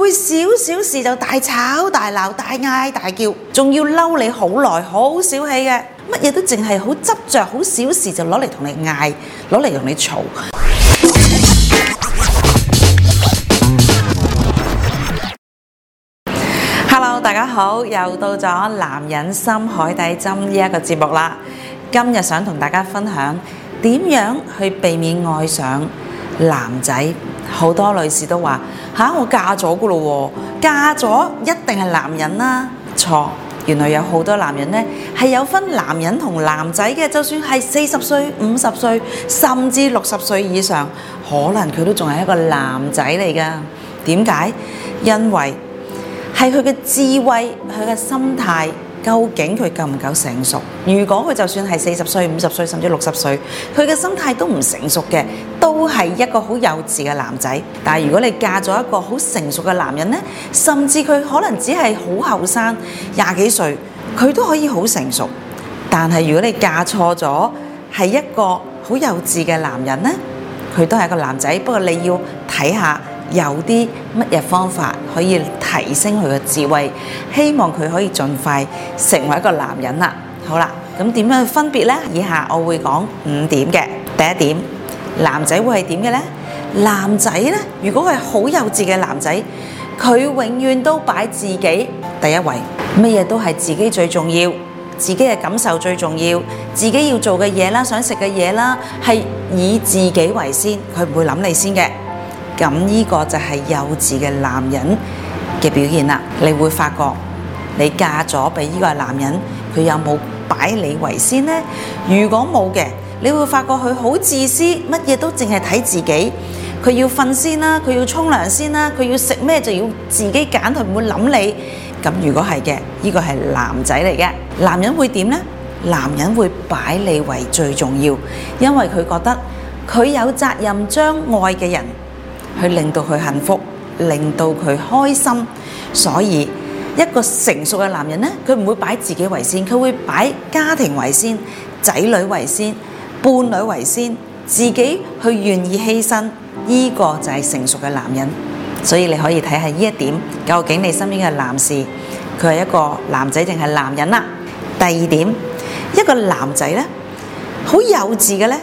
會小小事就大吵大鬧大嗌、大叫，仲要嬲你好耐，好小氣嘅，乜嘢都淨係好執着，好小事就攞嚟同你嗌，攞嚟同你吵。Hello，大家好，又到咗男人心海底針呢一個節目啦。今日想同大家分享點樣去避免愛上男仔。好多女士都話吓、啊，我嫁咗㗎咯，嫁咗一定係男人啦、啊。錯，原來有好多男人呢係有分男人同男仔嘅，就算係四十歲、五十歲，甚至六十歲以上，可能佢都仲係一個男仔嚟㗎。點解？因為係佢嘅智慧，佢嘅心態。究竟佢夠唔夠成熟？如果佢就算係四十歲、五十歲，甚至六十歲，佢嘅心態都唔成熟嘅，都係一個好幼稚嘅男仔。但係如果你嫁咗一個好成熟嘅男人咧，甚至佢可能只係好後生，廿幾歲，佢都可以好成熟。但係如果你嫁錯咗，係一個好幼稚嘅男人咧，佢都係一個男仔，不過你要睇下。有啲乜嘢方法可以提升佢嘅智慧？希望佢可以盡快成為一個男人啦。好啦，咁點樣分別咧？以下我會講五點嘅。第一點，男仔會係點嘅咧？男仔咧，如果係好幼稚嘅男仔，佢永遠都擺自己第一位，乜嘢都係自己最重要，自己嘅感受最重要，自己要做嘅嘢啦，想食嘅嘢啦，係以自己為先，佢唔會諗你先嘅。咁呢個就係幼稚嘅男人嘅表現啦。你會發覺你嫁咗俾呢個男人，佢有冇擺你為先呢？如果冇嘅，你會發覺佢好自私，乜嘢都淨係睇自己。佢要瞓先啦，佢要沖涼先啦，佢要食咩就要自己揀，佢唔會諗你。咁如果係嘅，呢個係男仔嚟嘅。男人會點呢？男人會擺你為最重要，因為佢覺得佢有責任將愛嘅人。去令到佢幸福，令到佢開心。所以一個成熟嘅男人咧，佢唔會擺自己為先，佢會擺家庭為先、仔女為先、伴侶為先，自己去願意犧牲。呢個就係成熟嘅男人。所以你可以睇下呢一點，究竟你身邊嘅男士，佢係一個男仔定係男人啦？第二點，一個男仔咧，好幼稚嘅咧。